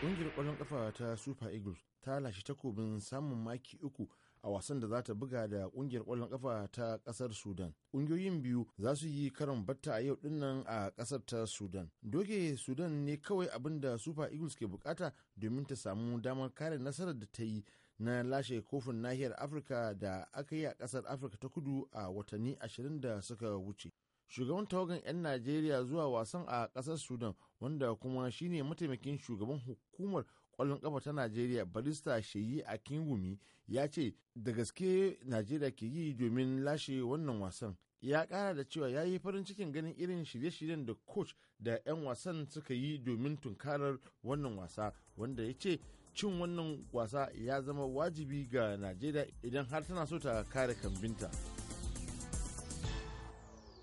Ƙungiyar ƙwallon ƙafa ta Super Eagles ta lashe takobin samun maki uku a wasan da za ta buga da ƙungiyar ƙwallon ƙafa ta ƙasar Sudan. Ƙungiyoyin biyu za su yi karan batta a yau dinnan a ƙasar ta Sudan. Doge Sudan ne kawai abin da Super Eagles ke bukata domin ta samu damar kare nasarar da ta yi na lashe kofin nahiyar Afirka da aka yi a ƙasar Afirka ta kudu a watanni ashirin da suka wuce. shugaban tawagan 'yan najeriya zuwa wasan a ƙasar sudan wanda kuma shine mataimakin shugaban hukumar kwallon kafa ta najeriya barista sheyi a kingumi ya ce da gaske najeriya ke yi domin lashe wannan wasan ya kara da cewa ya yi farin cikin ganin irin shirye-shiryen da coach da 'yan wasan suka yi domin tunkarar wannan wasa wanda ya ce cin wannan wasa ya zama wajibi ga najeriya idan har tana so ta kare kambinta.